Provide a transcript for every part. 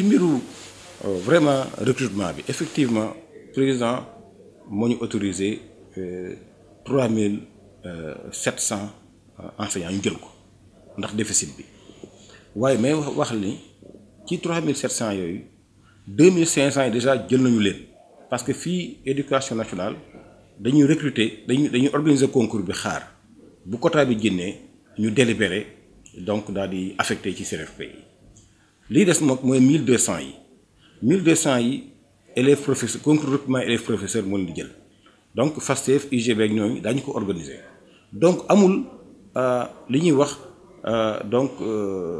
ci euh, vraiment recrutement effectivement effectivement président a autorisé 3700 euh, 700 euh, enseignants ñu jël ko ndax déficit bi waye mais wax ni ci trois yoyu ont déjà jël nañu parce que si éducation nationale dañuy recruter dañuy dañuy organiser concours bi xaar bu quota bi génnee ñu délibéré donc daal di affecté ci CRFP lii des moom 1200 yi 1200 yi élèves professeurs concours recrutement élèves professeurs mo leen jël donc FASTEF igb ak ñoy dañ ko organiser donc amul euh liñuy wax donc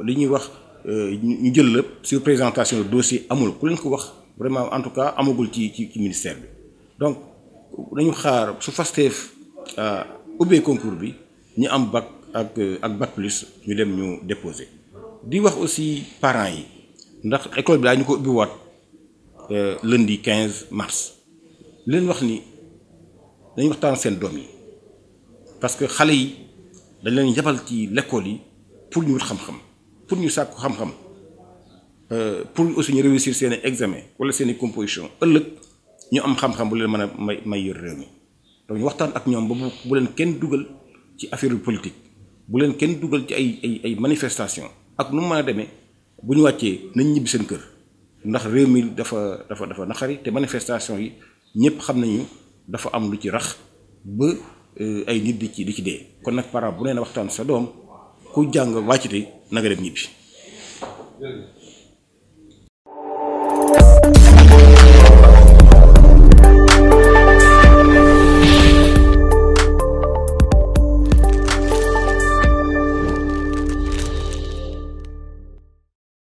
li ñuy wax euh, euh, euh, ñu jël sur présentation de dossier amul ku leen ko wax vraiment en tout cas amagul ci ci ministère bi donc nañu xaar su FASTEF ubbee concours bi ñu am bac ak ak bac plus ñu dem ñu déposer di wax aussi parents yi ndax école bi daañu ko ubbi waat euh, lundi 15 mars leen wax ni dañuy waxtaan seen doom yi parce que xale yi dañ leen jabal ci l'école yi pour ñu xam-xam pour ñu sàkku xam-xam euh, pour aussi ñu réussir seen examen wala seen composition ëllëg ñu am xam-xam bu leen mën a may may yor réew mi donc ñu waxtaan ak ñoom ba bu bu leen kenn dugal ci affaire politique bu leen kenn dugal ci ay ay ay manifestation ak nu mu mën a demee bu ñu wàccee nañ ñibbi seen kër ndax réew mi dafa dafa dafa naqari te manifestation yi ñëpp xam nañu dafa am lu ci rax ba euh, ay nit di ci di ci dee kon nag parent bu nee waxtaan sa doom ku jàng wàccite na nga dem ñibbi